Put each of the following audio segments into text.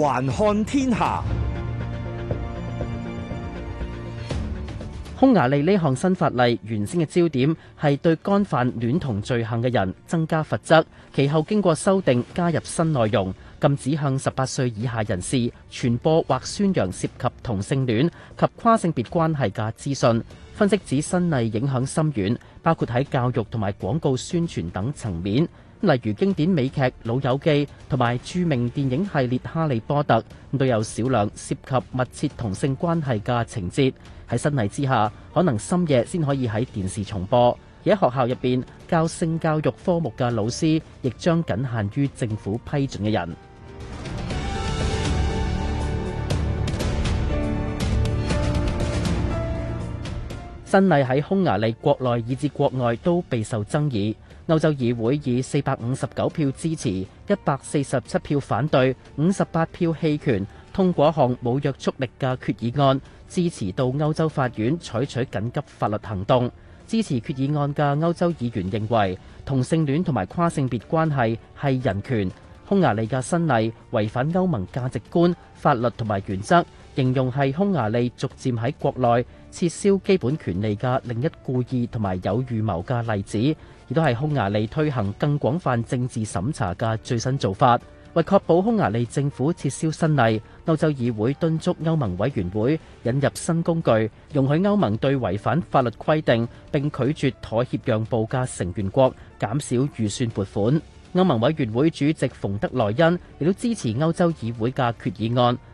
環看天下，匈牙利呢項新法例原先嘅焦點係對干犯戀同罪行嘅人增加罰則，其後經過修訂，加入新內容，禁止向十八歲以下人士傳播或宣揚涉及同性戀及跨性別關係嘅資訊。分析指新例影響深遠，包括喺教育同埋廣告宣傳等層面。例如經典美劇《老友記》同埋著名電影系列《哈利波特》，都有少量涉及密切同性關係嘅情節。喺新例之下，可能深夜先可以喺電視重播。而喺學校入邊教性教育科目嘅老師，亦將僅限於政府批准嘅人。新例喺匈牙利國內以至國外都備受爭議。歐洲議會以四百五十九票支持、一百四十七票反對、五十八票棄權，通過一項冇約束力嘅決議案，支持到歐洲法院採取緊急法律行動。支持決議案嘅歐洲議員認為，同性戀同埋跨性別關係係人權，匈牙利嘅新例違反歐盟價值觀、法律同埋原則。形容係匈牙利逐漸喺國內撤銷基本權利嘅另一故意同埋有預謀嘅例子，亦都係匈牙利推行更廣泛政治審查嘅最新做法。為確保匈牙利政府撤銷新例，歐洲議會敦促歐盟委員會引入新工具，容許歐盟對違反法律規定並拒絕妥協讓步嘅成員國減少預算撥款。歐盟委員會主席馮德萊恩亦都支持歐洲議會嘅決議案。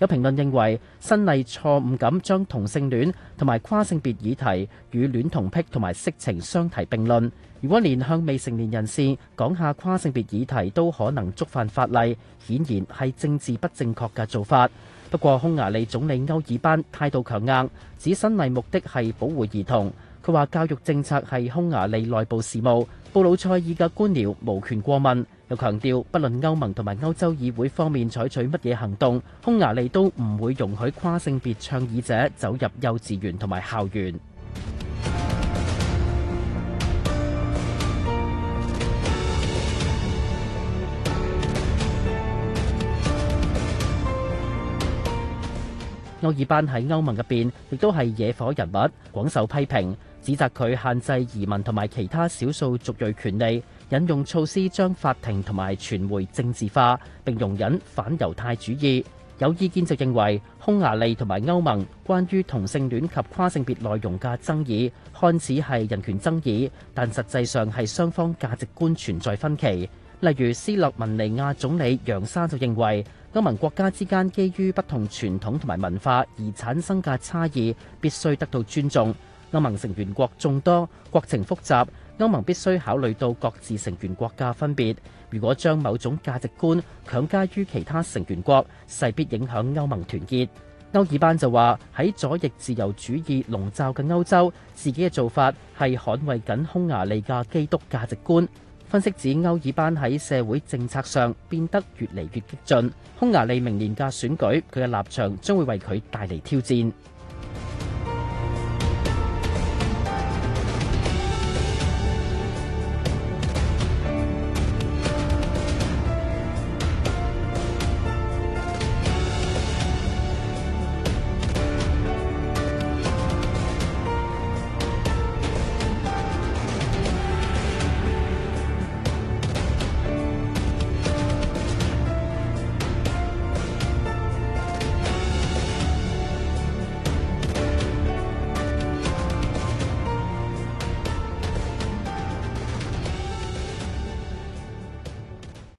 有評論認為新例錯誤咁將同性戀同埋跨性別議題與戀童癖同埋色情相提並論。如果連向未成年人士講下跨性別議題都可能觸犯法例，顯然係政治不正確嘅做法。不過匈牙利總理歐爾班態度強硬，指新例目的係保護兒童。佢話教育政策係匈牙利內部事務，布魯塞爾嘅官僚無權過問。又強調，不論歐盟同埋歐洲議會方面採取乜嘢行動，匈牙利都唔會容許跨性別倡議者走入幼稚園同埋校園。歐爾班喺歐盟入邊亦都係惹火人物，廣受批評，指責佢限制移民同埋其他少數族裔權利。引用措施將法庭同埋傳媒政治化，並容忍反猶太主義，有意見就認為匈牙利同埋歐盟關於同性戀及跨性別內容嘅爭議看似係人權爭議，但實際上係雙方價值觀存在分歧。例如，斯洛文尼亞總理楊沙就認為，歐盟國家之間基於不同傳統同埋文化而產生嘅差異必須得到尊重。歐盟成員國眾多，國情複雜。歐盟必須考慮到各自成員國家嘅分別，如果將某種價值觀強加於其他成員國，勢必影響歐盟團結。歐爾班就話喺左翼自由主義籠罩嘅歐洲，自己嘅做法係捍衛緊匈牙利嘅基督價值觀。分析指歐爾班喺社會政策上變得越嚟越激進，匈牙利明年嘅選舉，佢嘅立場將會為佢帶嚟挑戰。